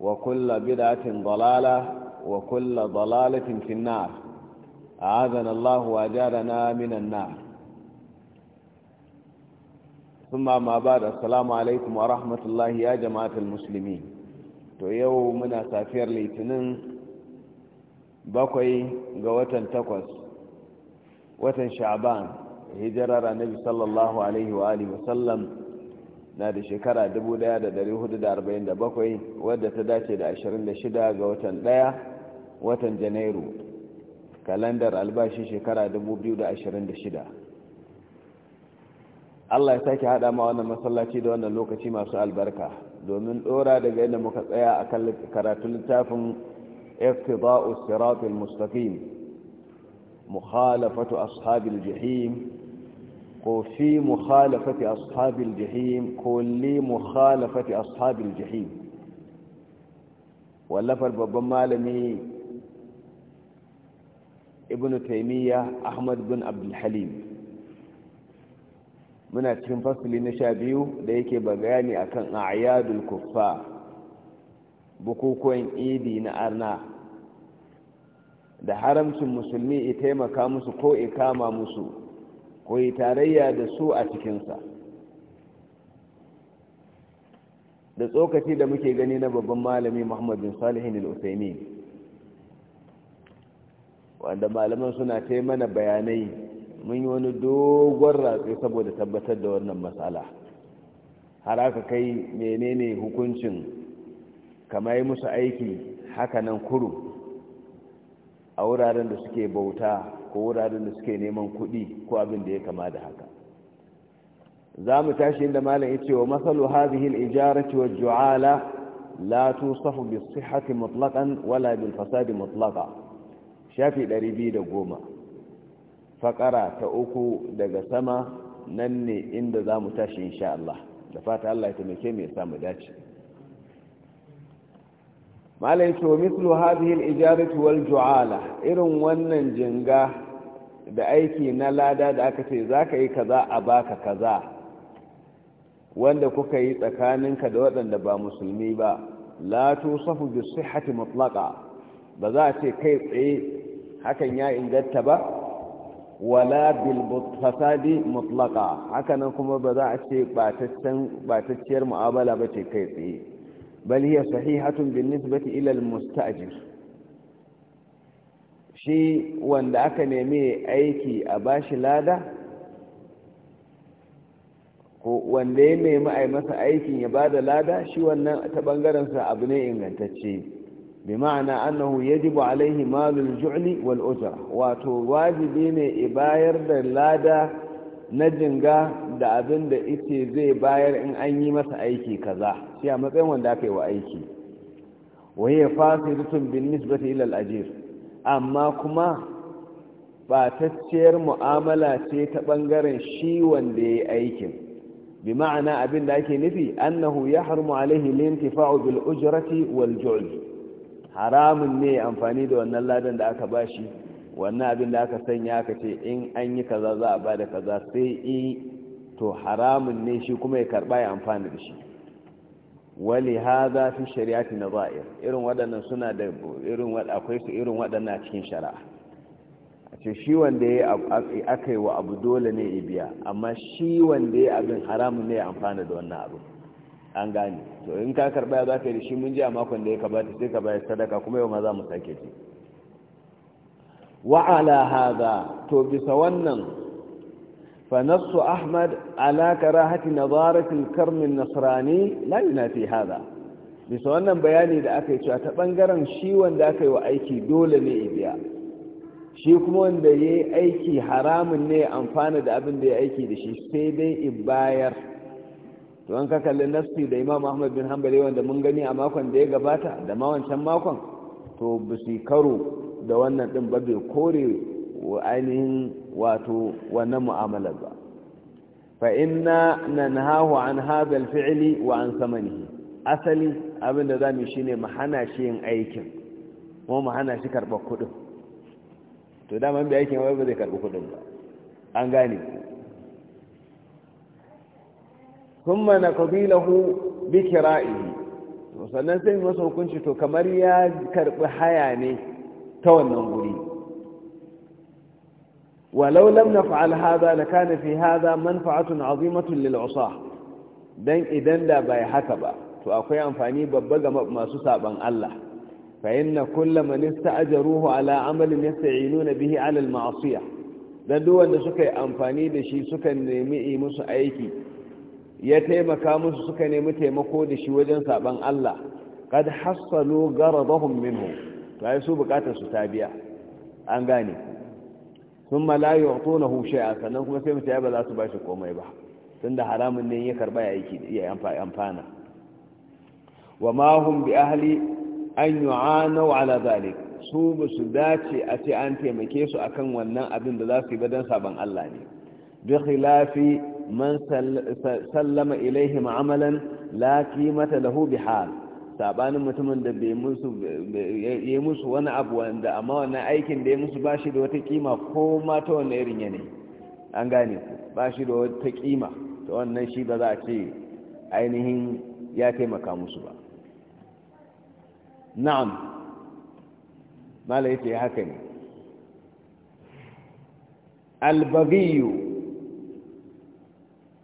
wa kulla bidatin dalala wa kulla dalalatin finnar a azana Allah wa jada na minan na sun mama ba da salamu alaikum wa rahmatullahi ya jama'atul musulmi to yau muna safiyar litinin bakwai ga watan takwas watan sha'ban hijirar annabi sallallahu na da shekara 1447 wadda ta dace da 26 ga watan 1 watan janairu kalandar albashi shekara 2026 Allah ya sake haɗa ma wannan masallaci da wannan lokaci masu albarka domin ɗora daga yadda muka tsaya a kan karatun littafin iftiba'u siratul mustaqim mukhalafatu ashabil jihim ko fi mukhalafati ashabil jahim ko li mukhalafati ashabil jahim wallafar babban malami ibnu taymiya ahmad bin abdul halim muna cikin fasili na sha biyu da yake bagani akan a'yadul kuffa bukukuwan idi na arna da haramcin musulmi i taimaka musu ko ikama musu ko tarayya da su a cikinsa da tsokaci da muke gani na babban malami muhammad bin salihin al'usaimi wanda malaman suna taimana mana bayanai mun yi wani dogon ratsi saboda tabbatar da wannan matsala har aka kai menene hukuncin kama yi musu aiki hakanan kuru a wuraren da suke bauta ko wuraren da suke neman kuɗi ko abin da ya kama da haka za mu tashi inda malam ya ce wa masalu hadhihi ijarati wa ju'ala la tusafu bi sihhati mutlaqan wala bil fasadi mutlaqa shafi 210 fakara ta uku daga sama nan ne inda za mu tashi insha Allah da fata Allah ya taimake mu ya samu dace malam to wa hadhihi al wal ju'ala irin wannan jinga da aiki na lada da aka ce zaka yi kaza a baka kaza wanda kuka yi tsakaninka da waɗanda ba musulmi ba la tusafu bi sihhati mutlaqa ba za a ce kai tsaye hakan ya inganta ba wala bil fasadi mutlaqa hakanan kuma ba za a ce bataccen batacciyar mu'amala ba ce kai tsaye بل هي صحيحة ilal إلى المستأجر shi wanda aka nemi aiki a bashi lada ko wanda ya nemi ai masa aikin ya bada lada shi wannan ta ɓangarensa abu ne ingantacce bi ma'ana annahu yajibu alaihi malul ju'li wal ujra wato wajibi ne i bayar da lada na jinga da abin da ita zai bayar in an yi masa aiki kaza shi a matsayin wanda aka yi wa aiki waye fasiritun bin nisbati ila al-ajir amma kuma ba batacciyar mu'amala ce ta bangaren shi wanda yayi aikin bi ma'ana abin da ake nufi annahu yahrumu alaihi lintifa'u bil ujrati wal ju'l haramun ne amfani da wannan ladan da aka bashi wannan abin da aka sanya aka ce in an yi kaza za a ba da kaza sai i to haramun ne shi kuma ya karba ya amfani da shi wali haza fi shari'ati na za'ir irin waɗannan suna da irin akwai su irin waɗannan cikin shari'a a ce shi wanda ya aka yi wa abu dole ne ya biya amma shi wanda ya abin haramun ne ya amfana da wannan abu an gane to in ka karɓa ya za ka yi da shi mun ji a makon da ya kabata sai ka bayar sadaka kuma yau ma za mu sake ce wa'ala haza to bisa wannan fanassu ahmad alaka rahati na baratun karmin nasirani lalina fi haza bisa wannan bayani da aka yi cewa ta bangaren shi wanda aka yi wa aiki dole ne ibiya shi kuma wanda ya aiki haramun ne amfana da abin da ya aiki da shi sai dai in bayar ka kakalin nasi da imam ahmad bin hanbali wanda mun gani a makon da ya gabata da wancan makon to bisikaru da wannan din ba bai kore wa ainihin wato wannan mu'amalar ba fa inna nanhahu an hadha al wa an samanihi asali abinda zamu shine mu hana shi yin aikin kuma mu hana shi karɓar kuɗin to daman bi aikin wai ba zai karɓi kuɗin ba an gane kuma na kabilahu bi kira'ihi sannan sai masu hukunci to kamar ya karɓi haya ne ta wannan guri walau lam haza da lakana fi hadha manfa'atun 'azimatun lil 'usah dan idan da bai haka ba to akwai amfani babba ga masu saban Allah fa inna kullu man ista'jaruhu ala 'amalin yasta'inuna bihi 'ala al-ma'siyah dan duk wanda suka yi amfani da shi suka nemi yi musu aiki ya taimaka musu suka nemi taimako da shi wajen saban Allah kad hassalu gharadahum minhu to ai su bukatar su ta biya an gane sun malayu a tona hushe sannan kuma sai mutu ya ba za su ba shi komai ba tun da haramun ne ya karba ya aiki ya amfana wa mahun bi ahali? an yi anau ala zalik su ba su dace a ce an taimake su akan wannan abin da za su yi don sabon allah ne bi khilafi man sallama ilaihim amalan la kimata lahu bi hal sabanin mutumin da bai musu yi musu wani abu wanda amma wannan aikin da ya musu ba shi da wata kima ko ma ta wannan irin yanayi an gane ku ba shi da wata kima ta wannan shi ba za a ce ainihin ya taimaka musu ba na'am mala yace haka ne albabiyu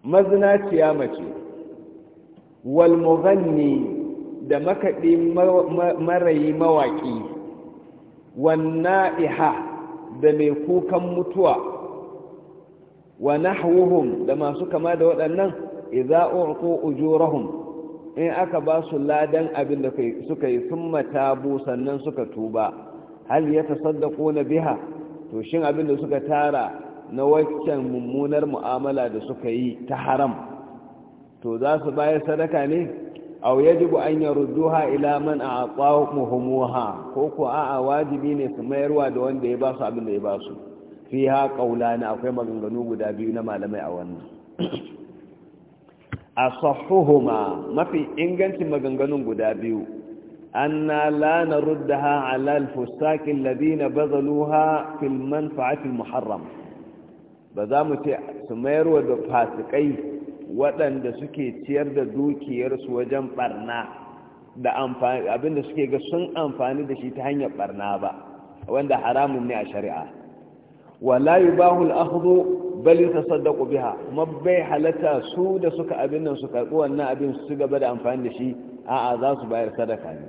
mazinaciya mace walmughanni da makaɗi marayi mawaƙi wanna iha da mai kukan mutuwa wa nahwuhum da masu kama da waɗannan idza uqu ujurahum in aka ba su ladan abin da suka yi sun matabu sannan suka tuba hal ya tasaddaqo na biha to shin abin da suka tara na waccan mummunar mu'amala da suka yi ta haram to za su bayar sadaka ne aw yajibu an yarudduha ila man a'tahumuha ko ko a'a wajibi ne su mayarwa da wanda ya ba su abin da ya ba su fiha qaulana akwai maganganu guda biyu na malamai a wannan asahhuhuma mafi ingancin maganganun guda biyu anna la naruddaha ala al-fusaq alladhina bazaluha fil manfa'ati al-muharram ba za mu ce su mayarwa da fasikai waɗanda suke ciyar da dukiyarsu wajen barna da abinda suke ga sun amfani da shi ta hanyar barna ba wanda haramun ne a shari'a wala bahul al-akhdhu bal yatasaddaqu biha kuma halatta su da suka abin nan su karbi wannan abin su gaba da amfani da shi a'a za su bayar sadaka ne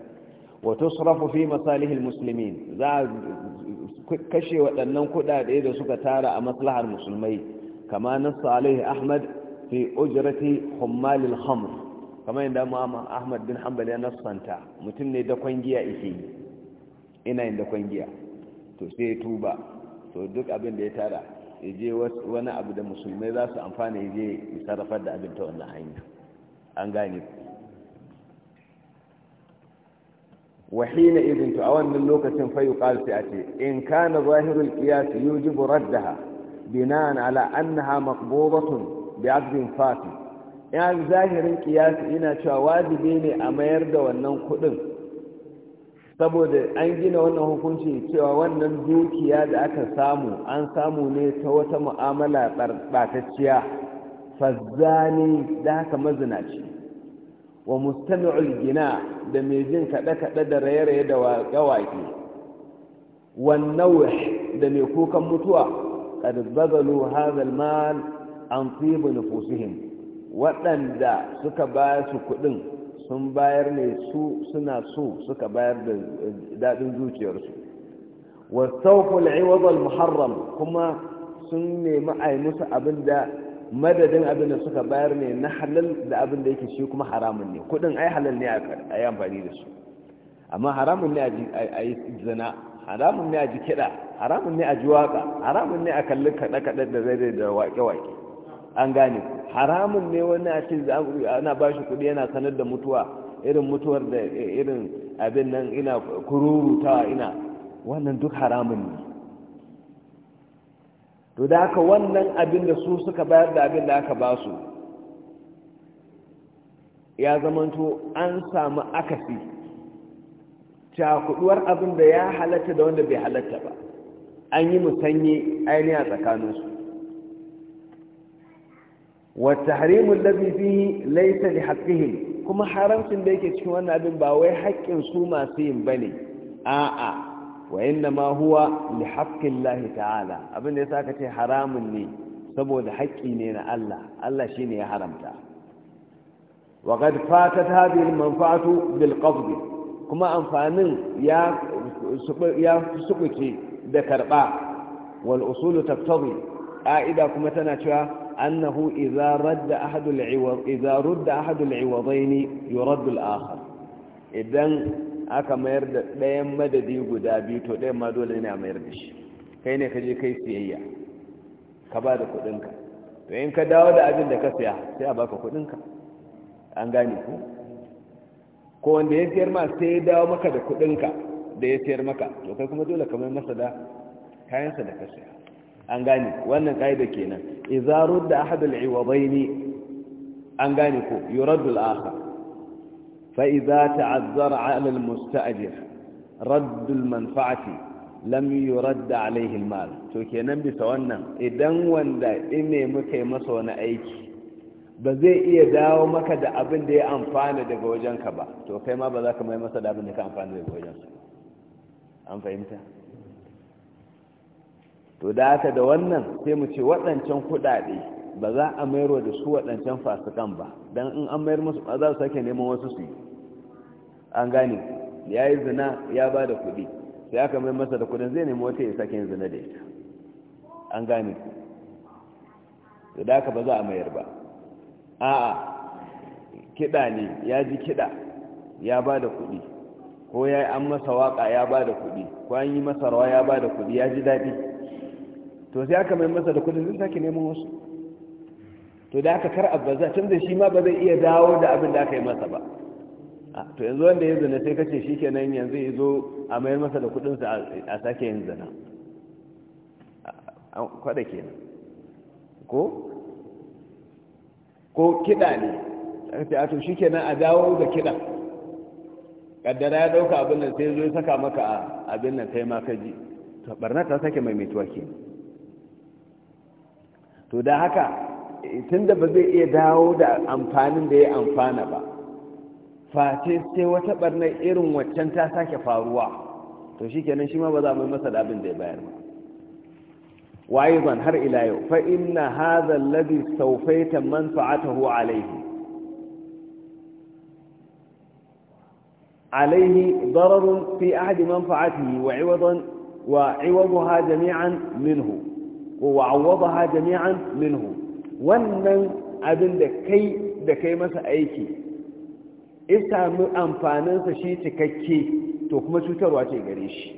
wa tusrafu fi masalih kashe waɗannan kuɗaɗe da suka tara a maslahar musulmai kama nasu alaihi ahmad fi ujrati hummalil khamr kamar inda mu'amma Ahmad bin Hanbal ya nasanta mutum ne da kwangiya yake ina yin kwangiya to sai tuba to duk abin da ya tara ya je wani abu da musulmai za su amfana ya je ya sarrafar da abin ta wannan hanya an gane وحين إذن تؤون من لوكة فيقال سأتي إن كان ظاهر القياس يوجب ردها بناء على أنها مقبوضة bi azbin fati zahirin kiyasi ina cewa wajibi ne a mayar da wannan kudin saboda an gina wannan hukunci cewa wannan dukiya da aka samu an samu ne ta wata mu'amala ɓatacciya fazzani da haka mazinaci wa mustami'ul gina da mai jin kaɗe-kaɗe da raye-raye da waƙe-waƙe wannan da mai kukan mutuwa قد بذلوا هذا an tsibu nufusihim waɗanda suka bayar su kuɗin sun bayar ne su suna so suka bayar da daɗin zuciyarsu wasaukul iwazal muharram kuma sun nemi a yi musu abin da madadin abin da suka bayar ne na halal da abin da yake shi kuma haramun ne kuɗin ai halal ne a yi amfani da su amma haramun ne a yi zina haramun ne a ji kiɗa haramun ne a ji waƙa haramun ne a kalli kaɗe-kaɗe da zai da waƙe-waƙe an gane haramun ne wani a ce ana ba shi kuɗi yana sanar da mutuwa irin mutuwar da irin abin nan ina kururutawa ina wannan duk haramun ne to da haka wannan abin da su suka bayar da abin da aka ba su ya zamanto an samu akasi cakuduwar abin da ya halatta da wanda bai halatta ba an yi musanye ainihin a tsakaninsu والتحريم الذي فيه ليس لحقهم kuma haramcin da yake cikin wannan abin ba wai haƙƙin su masu yin ba ne a'a wa inna ma huwa li haƙƙin lahi ta'ala abin da ya sa ka ce haramun ne saboda haƙƙi ne na Allah Allah shi ne ya haramta wa qad fatat hadhihi al-manfa'atu bil qabd kuma amfanin ya ya subuce da karba wal usul taqtadi ƙa'ida kuma tana cewa أنه إذا رد أحد العوض إذا رد أحد العوضين يرد الآخر إذن aka mayar da ɗayan madadi guda biyu to ɗayan ma dole ne a mayar da shi kai ne ka je kai siyayya ka ba da kuɗinka to in ka dawo da abin da ka siya sai a baka kuɗinka an gane ku ko wanda ya siyar ma sai ya dawo maka da kuɗinka da ya siyar maka to kai kuma dole ka mai masa da kayansa da ka siya an gane wannan ƙa'ida kenan idza rudda ahad al-iwadayn an ta'azzara 'ala al-musta'jir manfaati lam yurad da alaihi mal to kenan bisa wannan idan wanda ine muka yi masa wani aiki ba iya dawo maka da abin ba mai to da haka da wannan sai mu ce waɗancan kuɗaɗe ba za a mayar da su waɗancan fasikan ba don in an mayar musu za su sake neman wasu su yi an gane ya yi zina ya ba da kuɗi sai aka mai masa da kuɗin zai nemi wata ya sake zina da ita an gane to da haka ba za a mayar ba a'a kiɗa ne ya ji kiɗa ya ba da kuɗi ko ya yi an masa waƙa ya ba da kuɗi ko an yi masa rawa ya ba da kuɗi ya ji daɗi to sai aka mai masa da kudin zai sake neman wasu to da aka kar abba tun da shi ma ba zai iya dawo da abin da aka yi masa ba to yanzu wanda ya zina sai kace shi kenan yanzu ya zo a mayar masa da sa a sake yin zina kwada kenan ko ko kiɗa ne a to shi kenan a dawo da kiɗa kaddara ya ɗauka abin nan sai zo ya saka maka abin nan sai ma ka ji barna ta sake maimaituwa kenan to da haka tunda ba zai iya dawo da amfanin da ya amfana ba face sai wata barnar irin waccan ta sake faruwa to shikenan shi ma ba za mu masa da abin da ya bayar ba waye zan har ila yau fa inna hadha alladhi sawfaita manfa'atahu alayhi عليه ضرر في أحد منفعته وعوضا وعوضها جميعا منه وعوضها jami'an minhu wannan abin da kai da kai masa aiki in sami amfaninsa shi cikakke to kuma cutarwa ce gare shi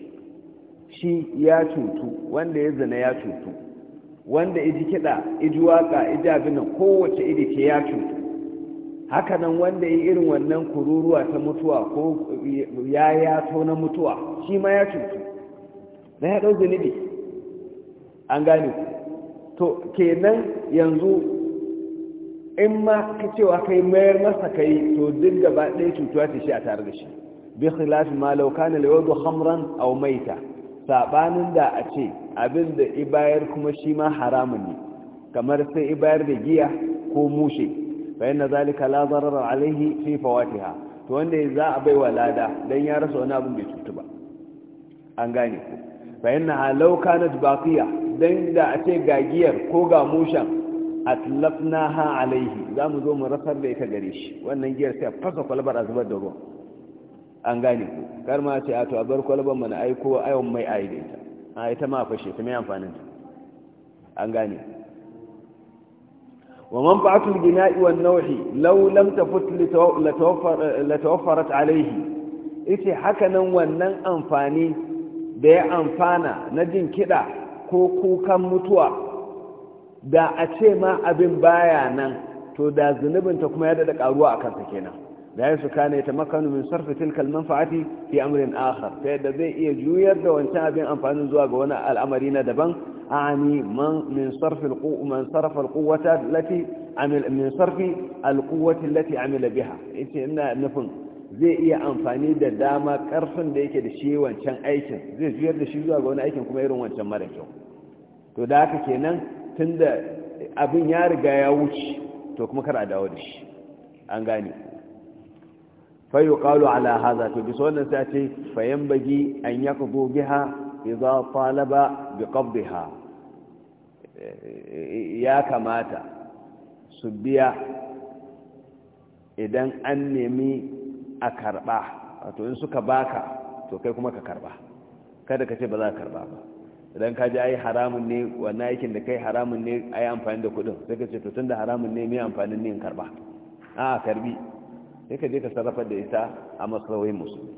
shi ya cutu wanda ya zina ya cutu wanda iji kiɗa iji waƙa iji abin nan kowace iri ce ya cutu haka nan wanda ya irin wannan kururuwa ta mutuwa ko ya yato na mutuwa shi ma ya cutu na ya ɗau zunubi an gane to kenan yanzu in ma ka cewa kai mayar masa kai to duk gaba ɗaya cutuwa ta shi a tare da shi bi khilafi ma laukana la lawadu khamran aw mayta sabanin da a ce abin da ibayar kuma shi ma haramun ne kamar sai ibayar da giya ko mushe fa inna zalika la darara alaihi fi fawatiha to wanda za a baiwa lada dan ya rasa wani abin bai cutu ba an gane ku fa inna law baqiya don da a ce ga giyar ko ga atlafna ha alaihi za mu zo mu rasar da ita gare shi wannan giyar sai a fasa kwalbar a zubar da ruwan an gane ku kar ma ce a to a bar kwalbar mana aiko ayon mai ayi da ita a ita ma a fashe ta mai amfanin ta an gane wa fa'atul bina'i wan nawhi law lam tafut la tawaffarat alaihi ita haka nan wannan amfani da ya amfana na jin kiɗa ko kukan mutuwa da a ce ma abin baya nan to da zunubinta kuma ya daɗa ƙaruwa a kansa kenan da ya suka ne ta makanu min sarfa tilkal manfa'ati fi amrin akhar ta yadda zai iya juyar da wancan abin amfanin zuwa ga wani al'amari na daban ani man min sarfi man sarfa alquwwata allati amil min sarfi alquwwati amila biha ina nufin zai iya amfani da dama karfin da yake da shi wancan aikin zai juyar da shi zuwa ga wani aikin kuma irin wancan mara kyau to da haka kenan tun da abin ya riga ya wuce to kuma kar a dawo da shi an gane fa yuqalu ala hadha to bisa sunan sai ce fayan bagi an ya biha idza talaba bi qabdiha ya kamata su biya idan an nemi a karba wato in suka baka to kai kuma ka karba kada ka ce ba za ka karba ba idan ka ji ai haramun ne wannan aikin da kai haramun ne ai amfani da kudin sai ka ce to tunda haramun ne me amfanin ne in karba a karbi sai ka je ka sarrafa da ita a masarawai musulmi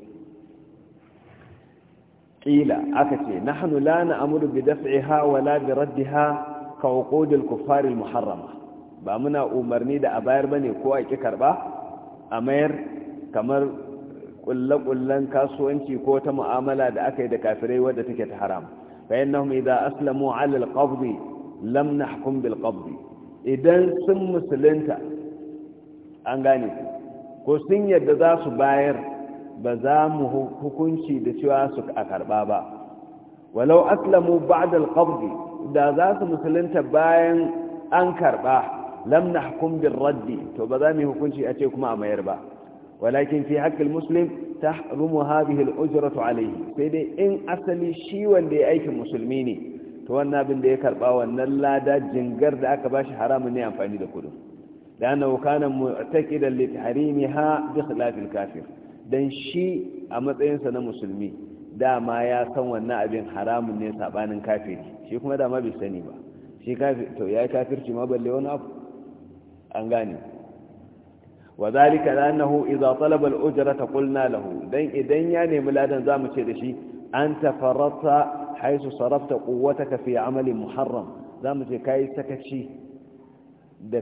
kila aka ce nahnu la na'muru bi daf'iha wala bi raddiha ka uqudil kuffar al muharrama ba muna umarni da a bayar bane ko a ki karba a mayar kamar kullakullan kasuwanci ko ta mu'amala da aka yi da kafirai wadda take ta haram fa innahum idza aslamu ala al-qabd lam nahkum bil qabd idan sun musulunta an gane ko sun yadda za su bayar ba za mu hukunci da cewa su a karba ba walau aslamu ba'da al da za su musulunta bayan an karba lamna hukumbil raddi to ba za mu hukunci a ce kuma a mayar ba walakin fi haƙƙil muslim ta rumu habihil ujratu alaihi sai dai in asali shi wanda ya aikin musulmi ne to wannan abin da ya karba wannan lada jingar da aka bashi haramun ne amfani da kuɗi da annahu kana mu'taqidan li tahrimiha bi khilafil kafir dan shi a matsayinsa na musulmi dama ya san wannan abin haramun ne sabanin kafiri shi kuma dama bai sani ba shi kafir to yayi kafirci ma balle wani abu an gane wa zalika lanahu idza talaba al-ujrata qulna lahu dan idan ya nemi ladan zamu ce da shi an farata haisu sarafta quwwataka fi amalin muharram zamu ce kai sakaci da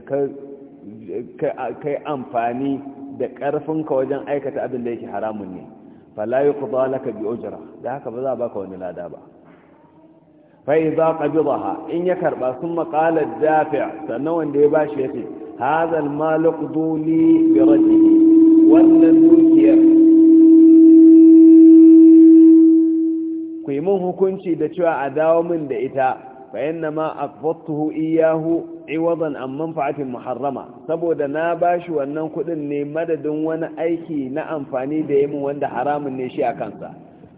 kai amfani da karfinka wajen aikata abin da yake haramun ne fala yuqda laka bi ujra da haka ba za baka wani lada ba fa idza qabidaha in ya karba sun maqala dafi' sannan wanda ya bashi yace هذا المال اقضوا لي برده wannan dukiyar ku yi hukunci da cewa a dawo min da ita bayan na ma a fattuhu iyahu iwadan amman fa'atin muharrama saboda na bashi wannan kudin ne madadin wani aiki na amfani da yi min wanda haramun ne shi a kansa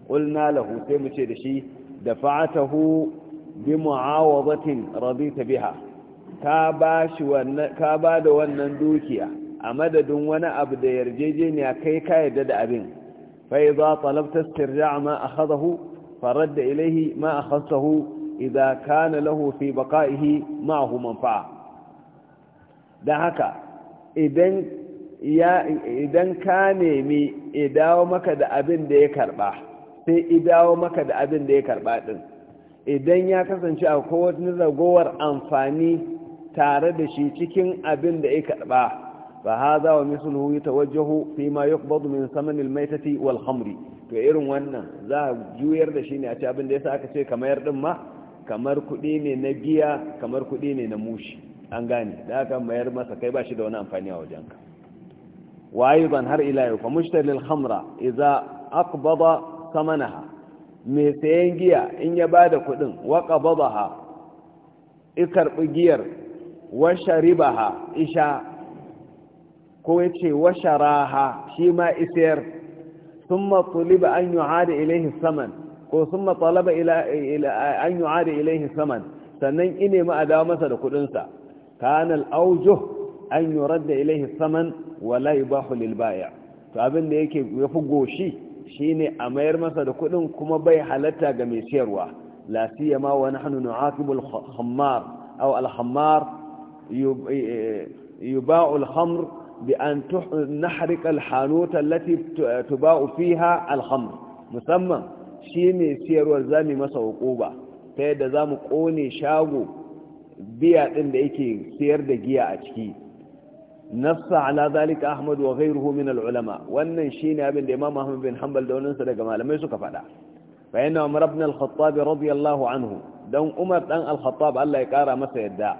ƙulna lahu sai mu ce da shi da fa'atahu bi mu'awadatin radita biha ka ba da wannan dukiya a madadin wani abu da yarjejeniya kai ka yarda da abin fai za talabta sirja ma a hazahu farar da ilahi ma a hasahu idan kana lahu fi baka'ihi ma hu manfa'a don haka idan ya idan ka nemi idawo maka da abin da ya karba sai idawo maka da abin da ya karba din idan ya kasance a kowace ragowar amfani tare da shi cikin abin da ya karba fa hadha wa mithluhu yatawajjahu fi ma yuqbadu min saman al wal khamri to irin wannan za juyar da shi ne a ci abin da yasa aka ce kamar din ma kamar kudi ne na giya kamar kudi ne na mushi an gane da aka mayar masa kai ba shi da wani amfani a wajenka har ila الى يوم فمشتري الخمره اذا اقبض ثمنها mai sayan giya in ya ba da kudin waka babaha ikarbi giyar washaribaha isha ko ya ce washaraha shi ma isayar sun matsuliba an yi hada ilaihi saman ko sun matsalaba an yi hada ilaihi saman sannan ine ma a dawo masa da kudinsa kanal aujo an yi radda ilaihi saman wala yi bahu lilbaya to abin da yake ya fi goshi shi ne a mayar masa da kudin kuma bai halatta ga mai siyarwa la ma wa nahnu na khammar aw au khammar يباع الخمر بأن نحرق الحانوت التي تباع فيها الخمر مسمى شيني سير والزامي مسا وقوبة تيدا زام قوني شاغو بيع عند ايكي سير دقيا اتشكي نص على ذلك أحمد وغيره من العلماء وأن شيني أبن الإمام أحمد بن حنبل دون سرق مالا ما يسوك فعلا فإن عمر بن الخطاب رضي الله عنه دون أمر أن الخطاب الله يقارى مسا يدعي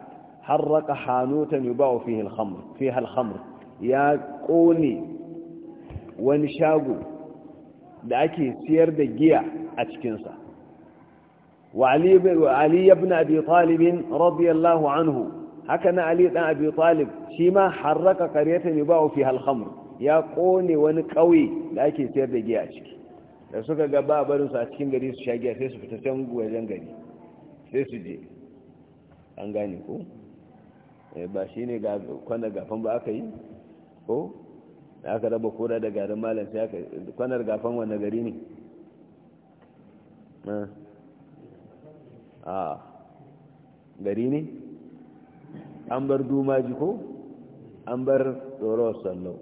harraka hanutan yuba'u fihi al-khamr ya kone wani shago da ake siyar da giya a cikin wa ali ali ibn abi talib radiyallahu anhu haka na ali dan abi talib shi ma harraka qaryatan yuba'u fiha al ya kone wani ƙauye da ake sayar da giya a ciki da suka ga ba barin a cikin gari su sha giya sai su fita can wajen gari sai su je an gane ko Eh, ba shi ne kwanar gafan ba aka yi ko aka raba kura da garin malam sai aka kwanar gafan wanda gari ne a gari ne an bar dumaji ko an bar tsoron sallau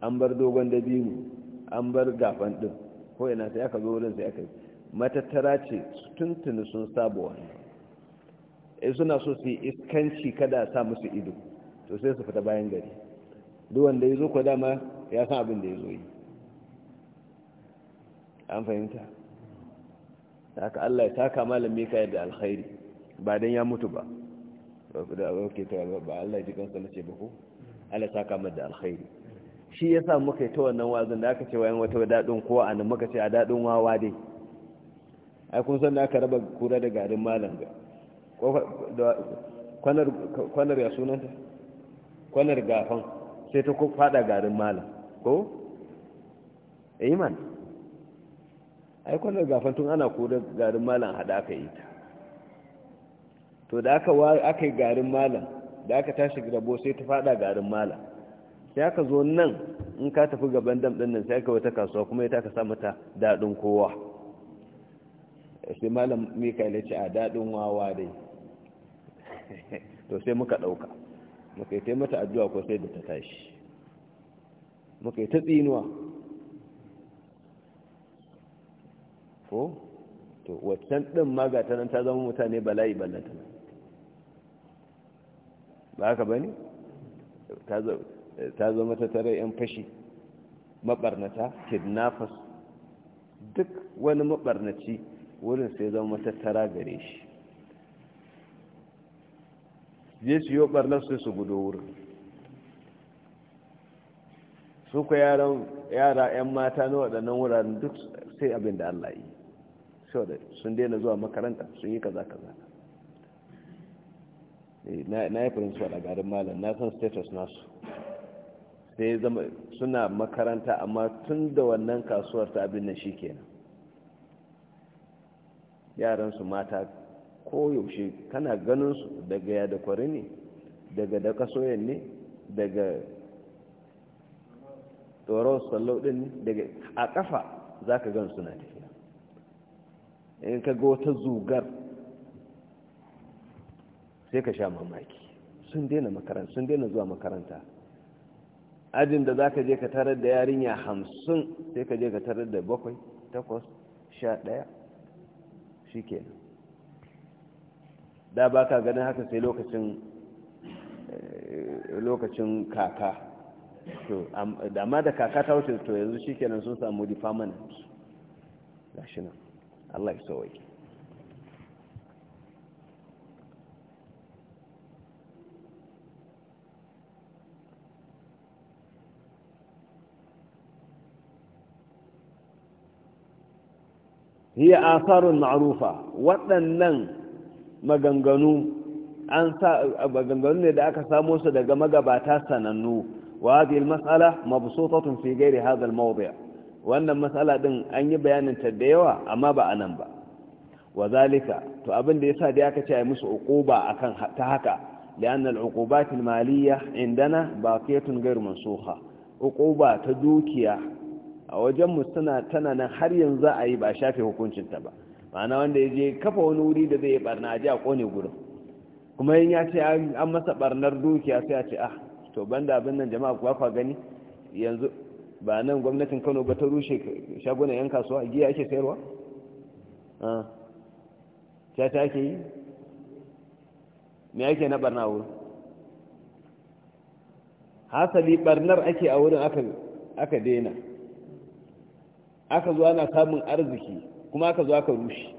an bar dogon biyu an bar gafan din ko ina sai aka zo wurin sai aka yi matattara ce tuntuni sun sabuwa. suna so su yi iskanci kada sa musu ido to sai su fita bayan gari duk wanda ya zo ko dama ya san abin da ya zo yi an fahimta haka Allah ya taka malami ka yadda alkhairi ba dan ya mutu ba da okay ta ba Allah ji kansa ce ba ko Allah taka mata da alkhairi shi yasa muka yi ta wannan wazin da aka ce wayan wata dadin kowa anan muka ce a dadin wawa dai ai kun san da aka raba kura da garin malam ga kwanar ya sunanta kwanar gafan sai ta fada garin malam ko iman eh, ai kwanar gafan tun ana kodar garin malam hada aka yi ta to da aka yi garin malam da aka tashi grabo sai ta fada garin malam sai aka zo nan in ka tafi gaban dam nan sai aka wata kasuwa kuma ya taka sa mata daɗin kowa sai malam mika ilace a daɗin wawa dai to sai muka ɗauka muka yi ta mata addu'a ko sai da ta tashi muka yi ta tsinuwa ko to waccan ɗin magata nan ta zama mutane bala'i ballata ba haka ba ne ta zama ta tare 'yan fashi maɓarnata kidnappers duk wani maɓarnaci wurin sai zama matattara gare shi je su yi barnar sai su gudu wurin su ku yaran yara 'yan mata na waɗannan wuraren duk sai abin da allah yi sun daina zuwa makaranta sun yi kaza kaza eh, na yi principal a garin malam na san status nasu sai zama suna makaranta amma tun da wannan kasuwar ta abin nan shi kenan yaransu mata koyaushe kana ganin su daga yada kwari ne daga da kasoyen ne daga tsoron sallau ne daga a ƙafa za ka gan suna tafiya in ka ga wata zugar sai ka sha mamaki sun daina makaranta sun daina zuwa makaranta ajin da za ka je ka tarar da yarinya hamsin sai ka je ka tarar da bakwai takwas sha ɗaya shi kenan da ba ka ganin haka sai lokacin eh, lokacin kaka to amma da kaka ta wuce to yanzu shi kenan sun samu deferment gashi nan Allah ya sauke hiya asarun ma'rufa waɗannan maganganu an sa maganganu ne da aka samo su daga magabata sanannu wa hadhihi al-mas'ala mabsutatun fi ghairi hadha al-mawdi' wannan mas'ala din an yi bayanin ta da yawa amma ba anan ba wazalika to abin da yasa da aka ce ai musu uquba akan ta haka indana لأن ta dukiya a باقية tana منسوخة عقوبة تدوكية وجم yi ba a shafe hukuncin ta ba. ma'ana wanda ya je kafa wani wuri da zai yi barna a ji a kone gudun kuma yin ya ce an masa barnar dukiya sai a ce ah to banda abin nan jama'a kuwa kwa gani yanzu ba nan gwamnatin kano ba ta rushe shaguna yan kasuwa giya ake sayarwa ta ah, ta ke yi me ake na barna a wurin hasali barnar ake a wurin aka daina aka zuwa na samun arziki kuma aka zo aka rushe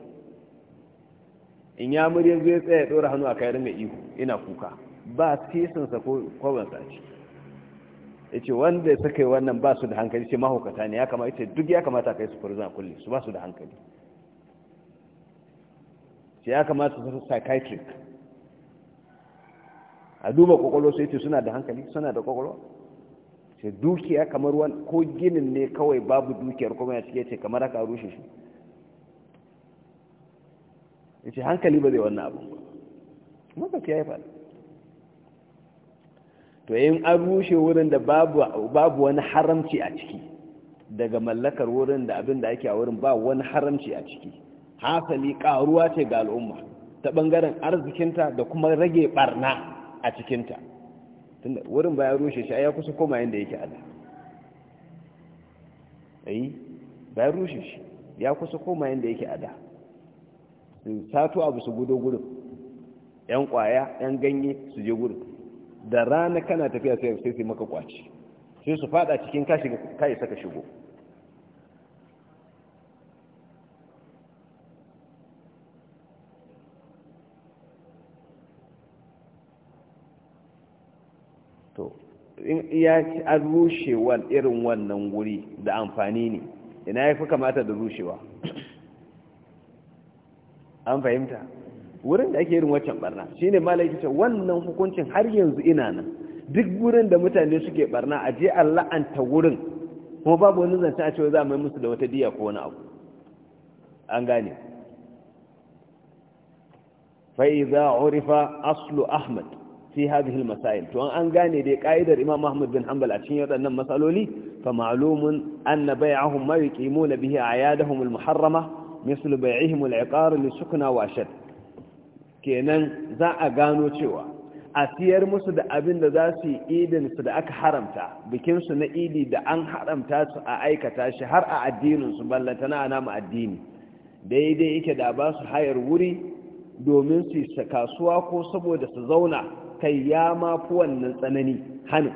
in ya murya zai tsaye ɗora hannu a kayar mai ihu ina kuka ba fesinsa ko kwabansa ce ya ce wanda ya yi wannan ba su da hankali ce mahaukata ne ya kamata duk ya kamata kai su farzan kulle su ba su da hankali ce ya kamata su psychiatric a duba su sai ce suna da hankali suna da kwakwalwa ce dukiya kamar wani ko ginin ne kawai babu dukiyar kuma ya ce kamar aka rushe shi ya ce hankali ba zai wannan abin ba matafi ya yi faɗa to yin an rushe wurin da babu wani haramci a ciki daga mallakar wurin da abin da ake a wurin ba wani haramci a ciki hasali karuwa ce ga al'umma ta ɓangaren arzikinta da kuma rage barna a cikinta tunda wurin ba ya rushe shi ya kusa koma yadda yake ada ba ya rushe shi ya kusa koma yadda yake ada su sato abu su gudo gurin yan kwaya yan ganye su je gurin da rana kana tafiya sai sai su maka kwaci sai su fada cikin kashi kai saka shigo to in iya an rushewa irin wannan guri da amfani ne ina ya fi kamata da rushewa an fahimta wurin da ake irin waccan barna shine malai ce wannan hukuncin har yanzu ina nan duk wurin da mutane suke barna a je Allah an ta wurin kuma babu wani zanta a cewa za mu yi musu da wata diya ko wani abu an gane fa idza urifa aslu ahmad fi hadhihi almasail to an gane dai kaidar imam ahmad bin hanbal a cikin wadannan masaloli fa ma'lumun anna bai'ahum ma yuqimuna bihi ayadahum almuharrama mislu bai'ihim al-iqar li sukna wa shad kenan za a gano cewa a siyar musu da abin da za su yi idin su da aka haramta bikin su na idi da an haramta su a aikata shi har a addinin su ballantana na mu addini daidai yake da ba su hayar wuri domin su kasuwa ko saboda su zauna kai ya mafi wannan tsanani hannu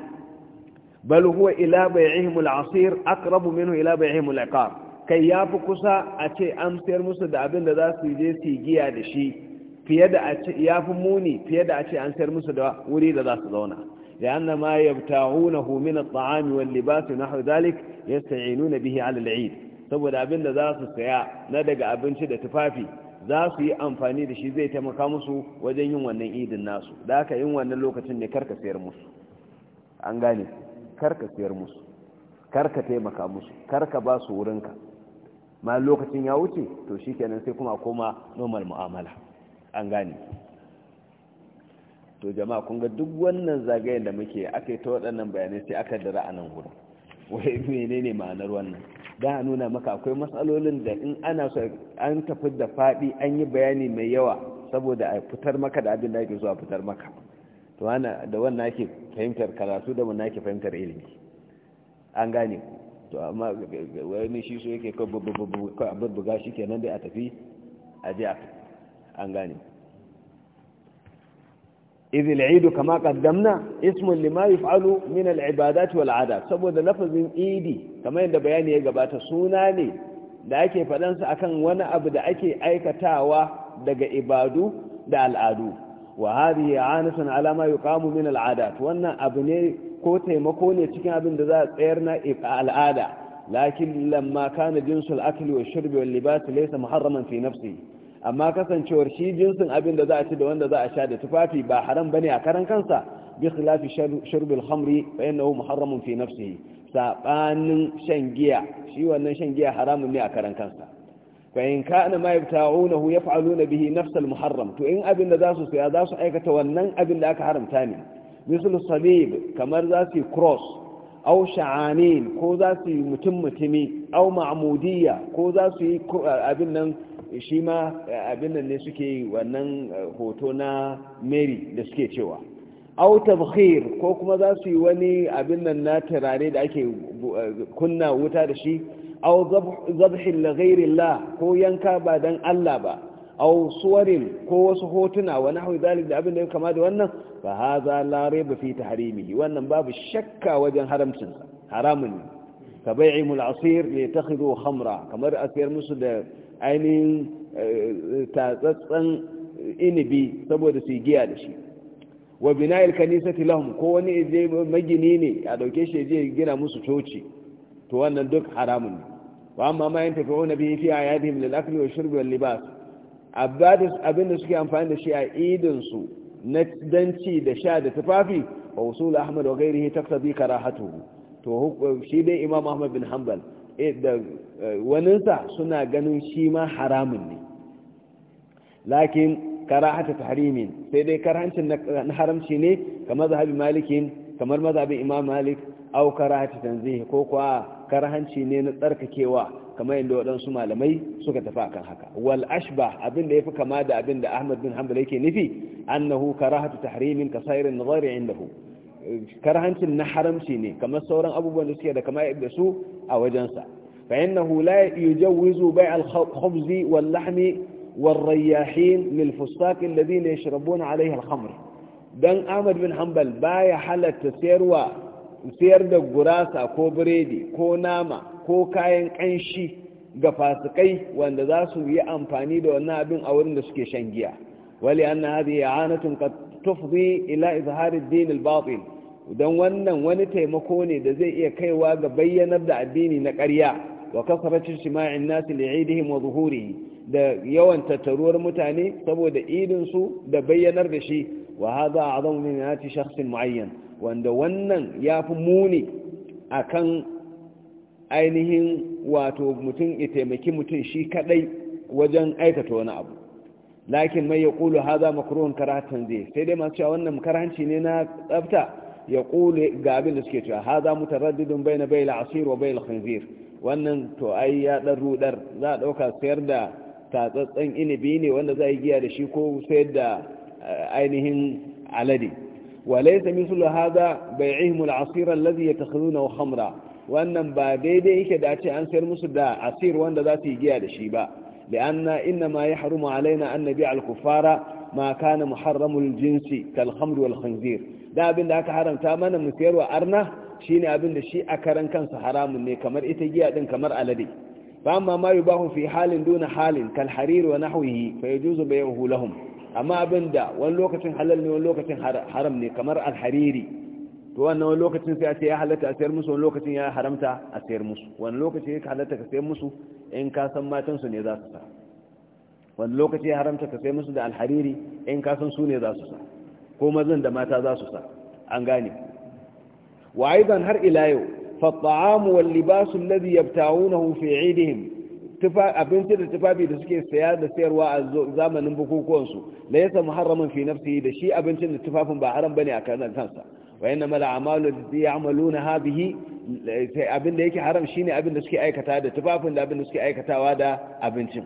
bal huwa ila bai'ihim al aqrabu minhu ila bai'ihim al kai ya fi kusa a ce an sayar musu da abin da za su je su giya da shi fiye da ya fi muni fiye da a ce an sayar musu da wuri da za su zauna ya ما يبتاعونه من الطعام na نحو ya sa'i nuna bihi العيد saboda abin da za su saya na daga abinci da tufafi za su yi amfani da shi zai taimaka musu wajen yin wannan idin nasu da aka yin wannan lokacin ne karka sayar musu an gane karka sayar musu karka taimaka musu karka ba su wurinka ma lokacin ya wuce to shi kenan sai kuma koma normal mu'amala an gane to jama'a kun ga duk wannan zagayen da muke aka ta waɗannan bayanai sai aka dara a nan gudu wai menene ma'anar wannan da nuna maka akwai matsalolin da in ana so an tafi da faɗi an yi bayani mai yawa saboda a fitar maka da abin da ake zuwa fitar maka to da wannan ake fahimtar karatu da wannan ake fahimtar ilimi an gane ku to amma shi so yake kan shi kenan dai a tafi a an gane izil idu kama kaddamna ismun lima yuf'alu min al wal'ada saboda lafazin idi kamar yadda bayani ya gabata suna ne da ake fadan sa akan wani abu da ake aikatawa daga ibadu da al'adu wa ya anatun ala ma yuqamu min al'adat adat wannan abu ne ko taimako ne cikin abin da za a tsayar na al'ada lakin lamma kana jinsul akli wa shurbi wal libas laysa muharraman fi nafsi amma kasancewar shi jinsin abin da za a ci da wanda za a sha da tufafi ba haram bane a karan kansa bi khilafi shurbil khamri fa innahu muharramun fi nafsihi sabanin shan giya shi wannan shan giya haramun ne a karan kansa fa in kana ma yabta'unahu yaf'aluna bihi nafsal muharram to in abin da za su saya za su aikata wannan abin da aka haramta ne misal samib kamar za su cross au sha'anin ko za su yi mutum mutumi au ma'amudiyya ko za su yi abin nan shi ma abin nan ne suke yi wannan eh, hoto na mary da suke cewa au tabkhir ko kuma za su yi wani abin nan na turare da ake eh, kunna wuta da shi au zabhin la ghairillah ko yanka ba dan Allah ba aw suwarin ko wasu hotuna wa nahwi zalik da abin da ya kama da wannan fa hadha la rayba fi tahrimihi wannan babu shakka wajen haramcin haramun ka bai'imul asir li takhudhu khamra kamar asir musu da ainihin eh, tatsatsan inibi saboda su giya da shi wa bina'il kanisati lahum ko wani magini ne a dauke shi je gina musu coci to wannan duk haramun ne wa amma ma yantafi'una bihi fi ayatihim lil akli wa shurbi wal libas abin da suke amfani da shi a idinsu na danci da sha da tufafi wa usul ahmad wa gairihi taksabi karahatu to shi dai imam ahmad bin hanbal eh, da eh, waninsa suna ganin shi ma haramun ne lakin karahatu tahrimin sai dai karancin na haramci ne kamar zahabi malikin kamar mazhabin imam malik au karahata tanzihi ko kuwa karhanci ne na tsarkakewa kamar yadda waɗansu malamai suka tafi akan haka wal ashba abin da yafi kama da abinda Ahmad bin Hanbal yake nufi annahu karahatu tahrimin kasairin nazari indahu karhancin na haramci ne kamar sauran abubuwan da suke da kama da su a wajensa fa innahu la yujawwizu bai' al khubzi wal lahmi wal riyahin lil fusaq alladhina yashrabuna alayhi al khamr dan Ahmad bin Hanbal baya halatta sayarwa siyar da gurasa ko biredi ko nama ko kayan ƙanshi ga fasikai wanda za su yi amfani da wannan abin a wurin da suke shan giya wali an na haɗe i'anatun qad tufdi ila izhar ad-din al wannan wani taimako ne da zai iya kaiwa ga bayyanar da addini na ƙarya wa kasratu shima'in nas li'idihim wa zuhurihi da yawan tattaruwar mutane saboda idinsu da bayyanar da shi wa haza a zama nati shakhsin muayyan wanda wannan ya fi muni a kan ainihin wato mutum ya taimaki mutum shi kadai wajen aikata wani abu lakin mai ya ƙulu haza makaruwan karatun zai sai dai masu cewa wannan karanci ne na tsafta ya ƙulu ga abin da suke cewa haza mutaraddidun bai na bai la'asir wa bai la'asir wannan to ai ya ɗan rudar za a ɗauka sayar da tatsatsen inibi ne wanda za a yi giya da shi ko sayar da eh, ainihin alade وليس مثل هذا بيعهم العصير الذي يتخذونه خمرا wannan ba daidai yake da a an sayar musu da asir wanda za su yi giya da shi ba li'anna inna ma ya harumu alaina annabi al-kuffara ma kana muharramul jinsi kal khamr wal da abin da aka haramta mana mu sayar wa arna shine abin da shi a karan kansa haramun ne kamar ita giya din kamar alade fa amma ma yubahu fi halin duna halin kal harir wa nahwihi fa yajuzu bay'uhu lahum amma abin da wani lokacin halal ne wani lokacin haram ne kamar alhariri to wannan wani lokacin sai a ce ya halatta a sayar musu wani lokacin ya haramta a sayar musu wani lokacin ya halatta ka sayar musu in ka san matansu ne za su sa wani lokacin ya haramta ka sayar musu da alhariri in ka san su ne za su sa ko mazan da mata za su sa an gane wa aidan har ila yau fa at-ta'amu wal libasu alladhi yabta'unahu fi 'idihim abinci da tufafi da suke saya da sayarwa a zamanin bukukuwansu la yasa muharraman fi nafsihi da shi abincin da tufafin ba haram bane a kan kansa wa inna mal a'malu ya'maluna hadhihi abin da yake haram shine abin da suke aikata da tufafin da abin da suke aikatawa da abincin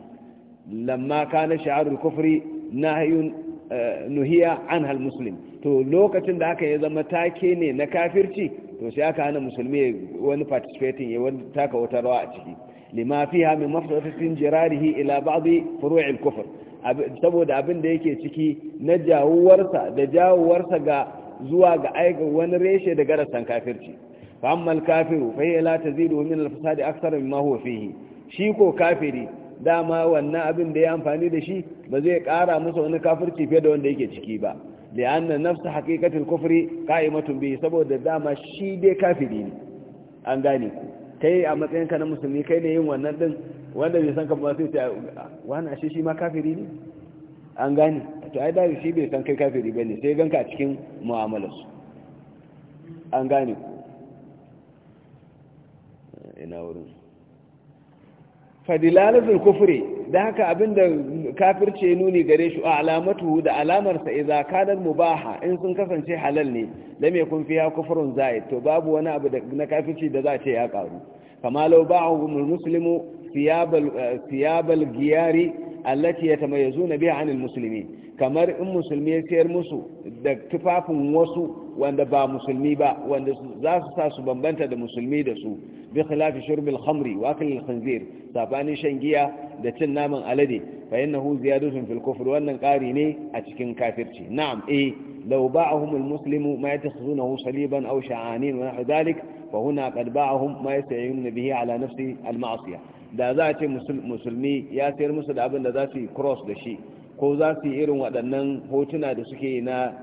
lamma kana sha'arul kufri nahyun eh, nuhiya anha al-muslim to lokacin da haka ya zama take ne na kafirci to sai aka hana musulmi wani participating ya wani taka wata rawa a ciki Limafi fiha min mafsadatin jirarihi ila ba'd furu'i al saboda abin da yake ciki na jawuwarsa da jawuwarsa ga zuwa ga aika wani reshe da garasan kafirci fa kafiru fa hiya la tazidu min al-fasadi akthar mimma huwa fihi shi ko kafiri dama wannan abin da ya amfani da shi ba zai kara masa wani kafirci fiye da wanda yake ciki ba li'anna nafsu haqiqatul kufri qa'imatun bihi saboda dama shi dai kafiri ne an gane ku kai a matsayin ka na musulmi kai ne yin wannan din wanda bai san ka ba sai ta wani ashe shi ma kafiri ne an gane to ai da shi bai san kai kafiri bane sai gan a cikin mu'amalarsu an gane ku ina wurin fadilalatul kufri da haka abin abinda kafirce nuni gare shi alamatu da alamarsa Iza kanat mubaha in sun kasance halal ne da me kun fiya kufrun zaid to babu wani abu na kafirci da za ce ya karu kama law ba'u muslimu thiyabal thiyabal giyari allati yatamayazuna biha 'anil muslimin kamar in musulmi ya sayar musu da tufafin wasu wanda ba musulmi ba wanda za su sa su bambanta da musulmi da su bi khilafi shurbil wakan wa akli khinzir shan giya da cin naman alade fa innahu ziyadatun fil kufr wannan ƙari ne a cikin kafirci na'am eh law ba'ahum al muslimu ma yatakhuzunahu saliban aw sha'anin wa nahwu dhalik fa huna qad ba'ahum ma yasta'inu bihi ala nafsi al ma'siyah da za a ce musulmi ya sayar musu da abin da za su yi cross da shi ko za su yi irin waɗannan hotuna da suke na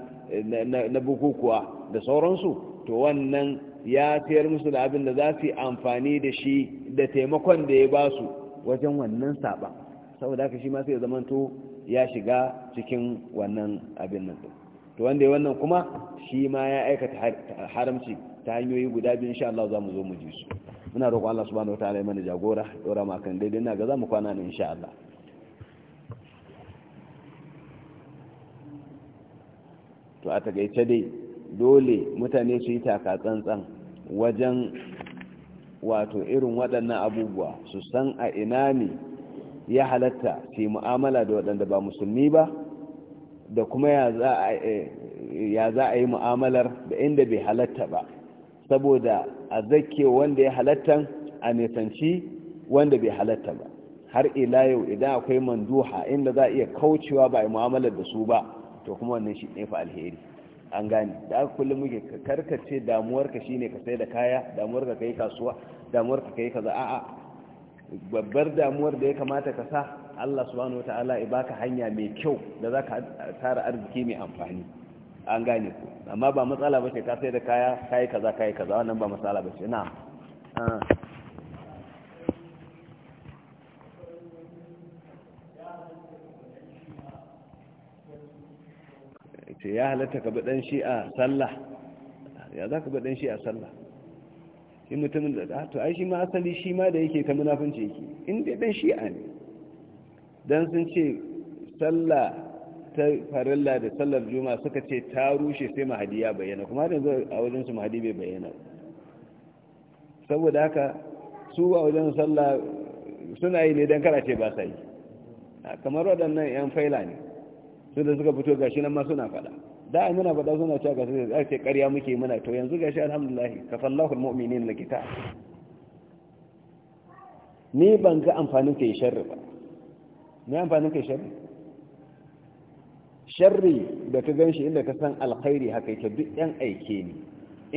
na bukukuwa da sauransu to wannan ya sayar musu da abin da za su yi amfani da shi da taimakon da ya ba su wajen wannan saba saboda haka shi ma sai to ya shiga cikin wannan abin nan to wanda ya wannan kuma shi ma ya aikata haramci ta hanyoyi guda biyu insha Allah za mu zo mu ji su muna roƙon Allah subhanahu wataala ya mana jagora dora ma kan daidai na ga za mu kwana ne insha Allah to a takaice dai dole mutane su yi taka tsantsan wajen wato irin waɗannan abubuwa su san a ina ne ya halatta ke mu'amala da waɗanda ba musulmi ba da kuma ya za a yi mu'amalar da inda bai halatta ba saboda a zake wanda ya halattan a nisanci wanda bai halatta ba har ila yau idan akwai manduha inda za a iya kaucewa ba a yi mu'amalar da su ba to kuma wannan shi ne fa alheri an gane da aka kullum muke ka karkace damuwarka shine ka sai da kaya damuwarka kai kasuwa damuwarka kai kaza a'a babbar damuwar da ya kamata ka sa Allah subhanahu wataala ya baka hanya mai kyau da zaka tara arziki mai amfani an gane ku amma ba matsala ce ka sai da kaya kai kaza kai kaza wannan ba matsala ce na'am ah. ce ya halatta ka baɗan shi a sallah ya za ka baɗan shi a sallah shi mutumin da ah, to ai shi ma asali shi ma da yake ta munafunci yake inda ɗan shi'a ne don sun ce sallah ta farilla da sallar juma suka ce ta rushe sai mahadi ya bayyana kuma da zai a wajensu mahadi bai bayyana saboda haka su a wajen sallah suna yi ne don karace ba sa yi ah, kamar waɗannan 'yan faila ne su da suka fito gashi nan ma suna faɗa da ai muna faɗa suna cewa gashi da ake ƙarya muke muna to yanzu gashi alhamdulillah kafallahu almu'minin likita ni ban ga amfanin kai sharri ba Ni amfanin kai sharri sharri da ka ganshi inda ka san alkhairi haka yake duk yan aike ne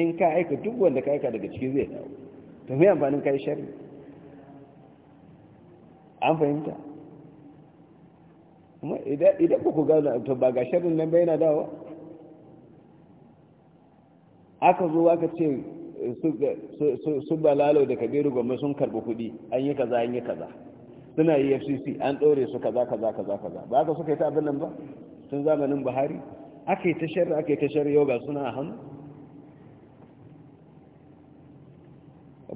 in ka aika duk wanda ka aika daga ciki zai dawo to me amfanin kai sharri an fahimta kuma idan ku gano to ba ga shirin nan ba yana dawa aka zo aka ce su balalo da kabiru gwamma sun karbi kuɗi an yi kaza an yi kaza suna e fcc an ɗore su kaza kaza kaza kaza ba aka suka yi ta abin nan ba sun zamanin buhari aka yi ta shari aka yi ta shari yau ga suna a hannu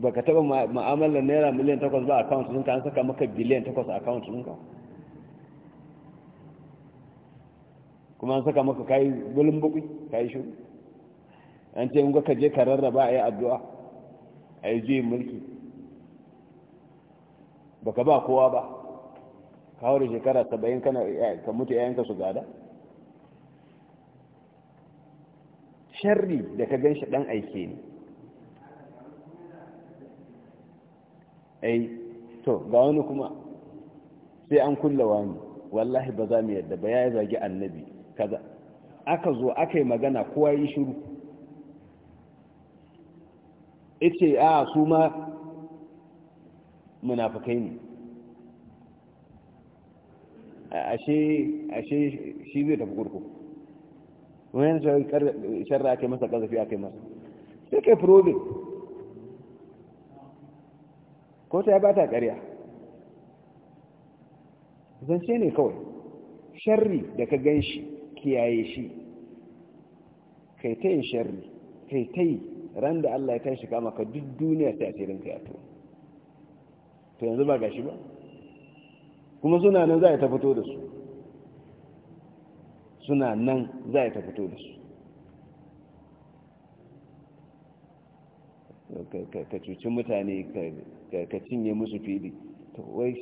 ba ka taɓa ma'amalar naira miliyan takwas ba a sun ka an saka maka biliyan takwas a sun ka kuma an saka maka kayi gulun bukwi kayi shiru an ce in ka je ka rarraba a yi addu'a a yi juyin mulki ba ka ba kowa ba kawo da shekara saba'in kana ka mutu yayanka su gada sharri da ka gan shi ɗan aike ne to ga wani kuma sai an kulla wani wallahi ba za mu yadda ba ya yi zagi annabi kaza aka zo aka yi magana kowa yi shiru Ita a su ma munafukai ne ashe shi zai tafi kurku wani sharra ake masa kazafi ake masa sai kai probin ko ta ba ta ƙarya zance ne kawai shari da ka gan shi kiyaye shi kai ta yin shari kai ta yi ran da Allah ya tashi kama ka duk duniya ta yi ka yato to yanzu ba gashi ba kuma suna nan za a ta fito da su suna nan za a ta fito da su ka cuci mutane ka cinye musu fili to wai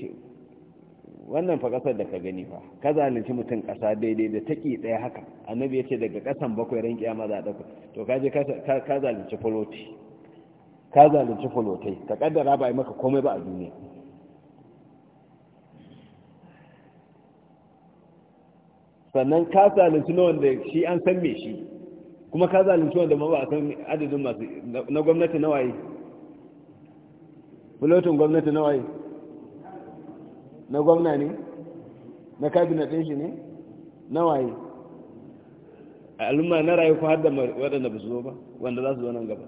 wannan fa kasar da ka gani fa ka zalunci mutum kasa daidai da taki daya haka annabi ya ce daga kasan bakwai ran kiyama za a dauka to ka je ka zalunci fuloti ka zalunci fulotai ka kaddara ba yi maka komai ba a duniya sannan ka zalunci na wanda shi an san me shi kuma ka zalunci wanda ma ba a san adadin masu na gwamnati nawaye fulotin gwamnati nawaye na gwamna ne na kabinet ɗin shi ne na waye al'umma na rayu ko har da waɗanda ba su zo ba wanda za su zo nan gaba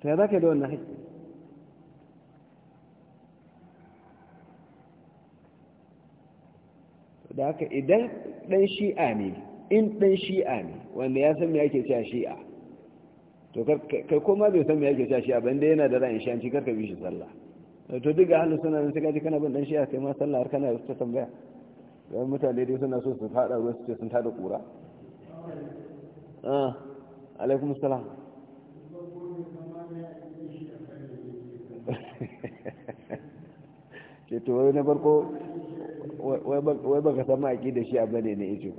ta yi za ka yi da wannan haƙƙi da haka idan ɗan shi'a ne in ɗan shi'a ne wanda ya san me ake cewa shi'a to kai koma bai san me ake cewa shi'a ban da yana da ra'ayin ci karka bi shi sallah to duk ga halin suna sai gaji kana bin dan a kai ma sallah har kana ta tambaya dan mutane dai suna so su fada ruwa su ce sun tada kura ah alaikum salaam. ke to wai na barko wai baka san ma'aƙi da shi a bane ne ijo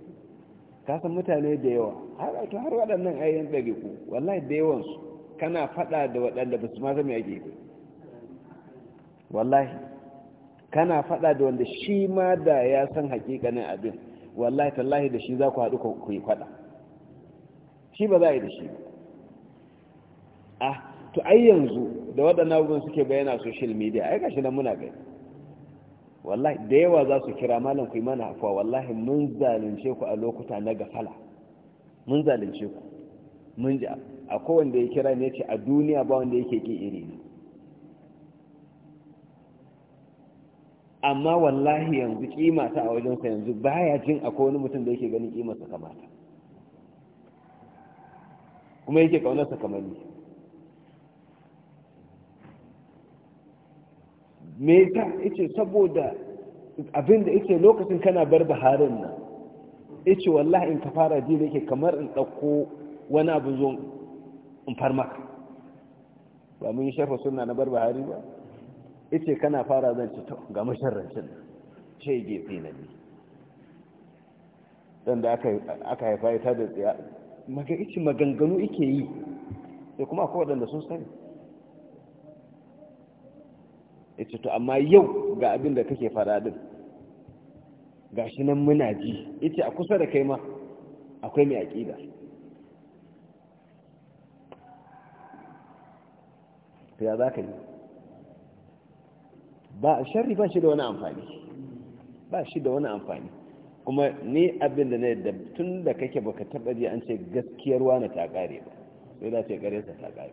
ka san mutane da yawa har to har waɗannan ayyan ɗari ku wallahi da yawansu kana faɗa da waɗanda ba su ma zama ma'aƙi ba wallahi kana faɗa da wanda shi ma da ya san hakikanin abin wallahi tallahi da shi za ku haɗu ku yi faɗa shi ba za a yi da shi ah to ai yanzu da waɗannan abubuwan suke bayyana social media ai gashi nan muna gani wallahi da yawa za su kira malam ku yi mana hafuwa wallahi mun zalunce ku a lokuta na gafala mun zalunce ku mun ji a kowanne ya kira ne ce a duniya ba wanda yake ƙi iri ne amma wallahi yanzu kima ta a wajensa yanzu baya jin akwai wani mutum da yake ganin kimarsa kamata kuma yake kaunarsa kamar ni me ta ice saboda abinda yake lokacin kana bar baharin nan yace wallahi in ka fara ji da yake kamar in dauko wani abu zo in farmaka ba mun shafa sunna na bar bahari ba ita kana fara zan ci to ga masharrancin na ne dan da aka aka haifa ita da tsiya maga ici maganganu yake yi sai kuma akwai wadanda sun sani ita to amma yau ga abin da kake fara din gashi nan muna ji ita a kusa da kai ma akwai mai aqida to ya ka yi ba sharri ba shi da wani amfani ba shi da wani amfani kuma ni abin da na yadda tun da kake baka taba ji an ce gaskiyar wani ta kare ba sai da ce kare ta kare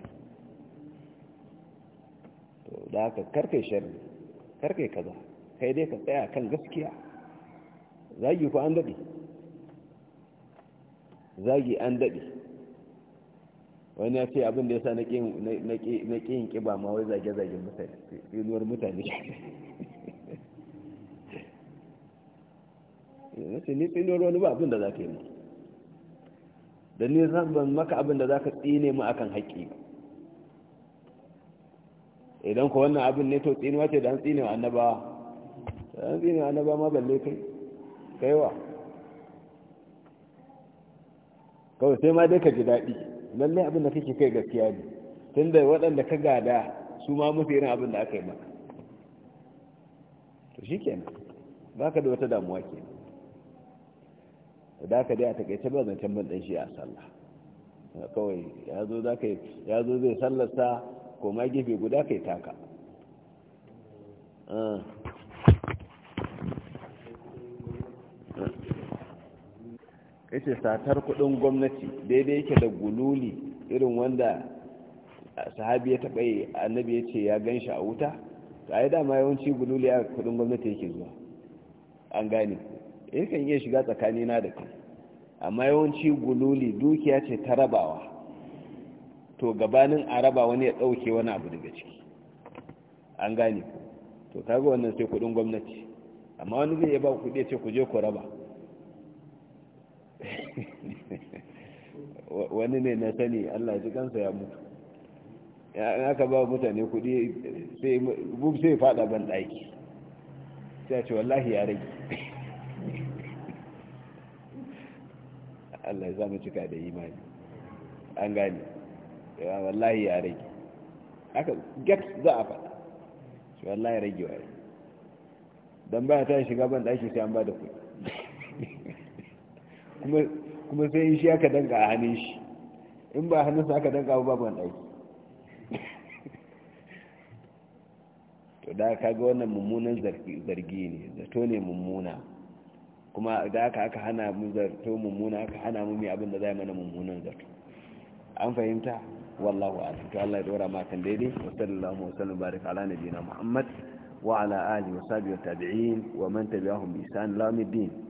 to da haka karkai sharri karkai kaza kai dai ka tsaya kan gaskiya zagi ko an dade zagi an dade wani ya ce abin da ya sa na ƙin ƙiba ma wai zage-zagen mutane tsinuwar mutane na ce ni tsinuwar wani ba abin da za ka yi ma da ni ban maka abin da za ka tsine mu akan haƙƙi idan ku wannan abin ne to tsinuwa ce da an tsine wa annabawa da an tsine wa annabawa ma balle kai kaiwa kawai sai ma dai ka ji daɗi lallai abin da kake kai gaskiya ne tun da waɗanda ka gada su ma mutu irin abin da aka yi maka to shi ba ka da wata damuwa ke da aka dai a takaice ba zan ban dan shi a sallah kawai ya zo zai sallarsa ko ma gefe guda kai taka ah. yace satar kudin gwamnati daidai yake da gululi irin wanda sahabi ya taɓa yi annabi ya ce ya gan shi a wuta a yi dama yawanci gululi a kudin gwamnati yake zuwa an gane eh, kan iya shiga tsakanina da kai amma yawanci gululi dukiya ce ta rabawa to gabanin a raba wani ya ɗauke wani abu daga ciki an gane to kaga wannan sai kudin gwamnati amma wani zai yaba kudi ya ce ku je ku raba wani ne na sani allah ji kansa ya mutu ya aka ba mutane kudi sai fada ban daki sai ce wallahi ya rage allah ya zama cika da imani an gane wallahi ya rage aka get za a fada wallahi ya rage wa don ba ta shiga ban daki sai an ba da kudi kuma sai in shi aka danka a hannun shi in ba hannunsa aka danka ba ban wani to da ka ga wannan mummunan zargi ne zato ne mummuna kuma da aka aka hana mu zato mummuna aka hana mu mai za a zai mana mummunan zato an fahimta wallahu a'lam to Allah ya dora ma kan daidai wa sallallahu wa sallam barik ala nabiyina muhammad wa ala alihi wa sahbihi wa tabi'in wa man tabi'ahum bi ihsan ila yawmiddin